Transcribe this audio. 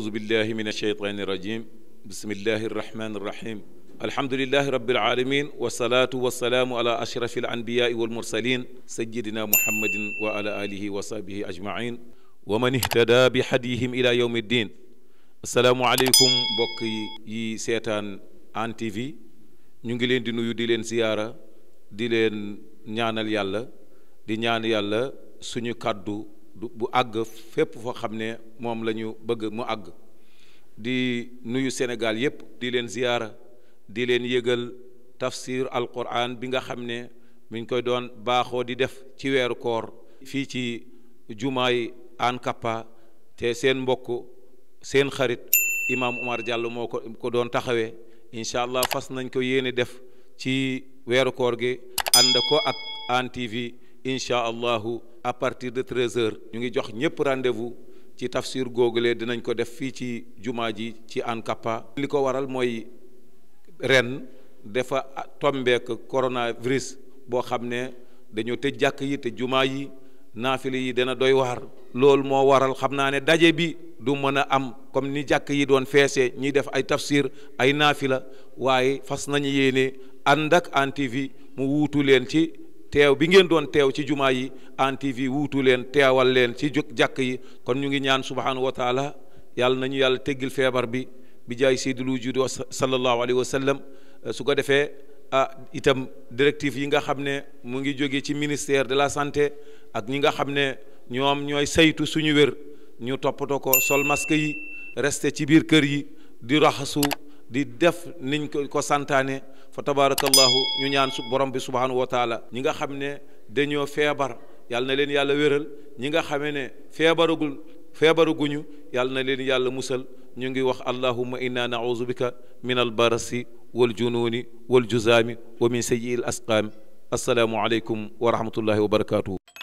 أعوذ بالله من الشيطان الرجيم بسم الله الرحمن الرحيم الحمد لله رب العالمين والصلاة والسلام على أشرف الأنبياء والمرسلين سيدنا محمد وعلى آله وصحبه أجمعين ومن اهتدى بحديهم إلى يوم الدين السلام عليكم بقي يي سيتان ان تي في نجلين دي نيو ديلين nuyu ديلين leen ziyaara دي leen ñaanal سنو di bu àgg fépp foo xam ne moom lañu bëgg mu àgg di nuyu Sénégal yépp di leen ziyaara di leen yëgal tafsir alquran bi nga xam ne mi ngi koy doon baaxoo di def ci weeru koor fii ci jumaay Hann Capa te seen mbokk seen xarit imaam Umar jàll moo ko ko doon taxawee incha allah fas nañ ko yéene def ci weeru koor gi ànd ko ak Hann TV incha allahu à partir de 13 heures ñu ngi jox ñëpp rendez-vous ci tafsir googulee dinañ ko def fii ci jumaa ji ci Ancapa li ko waral mooy ren defa tombeek coronavirus boo xam ne dañoo tëj jàkk yi te jumaa yi naafila yi dana doy waar loolu moo waral xam naa ne daje bi du mën a am comme ni jàkk yi doon feesee ñuy def ay tafsir ay naafila waaye fas nañu yéene ànd ak Hann TV mu wuutu leen ci teew bi ngeen doon teew ci jumaa yi Hann TV wuutu leen teewal leen ci jàkk yi kon ñu ngi ñaan subhaanahu wa taala yàlla nañu yàlla teggil feebar bi bi jaay sayyidul wujuud sallallahu alayhi wa sallam eh, su ko defee ah itam directive yi nga xam ne mu ngi jóge ci ministère de la santé ak ñi nga xam ne ñoom ñooy saytu suñu wér ñu toppatoo ko sol masque yi rester ci biir kër yi di raxasu di def niñ ko santane fa tabarakallah ñu ñaan su borom bi subhanahu wa taala ñi nga xamne ne dañoo feebar yàlla na leen yàlla wéral ñi nga xamee ne feebaragul yàlla na leen yàlla musal ñu ngi wax allahumma inna nauzu bika min al barasi wal junuuni wal juzami wa min sayyi al asqaam assalaamu wa rahmatullahi wa barakatuh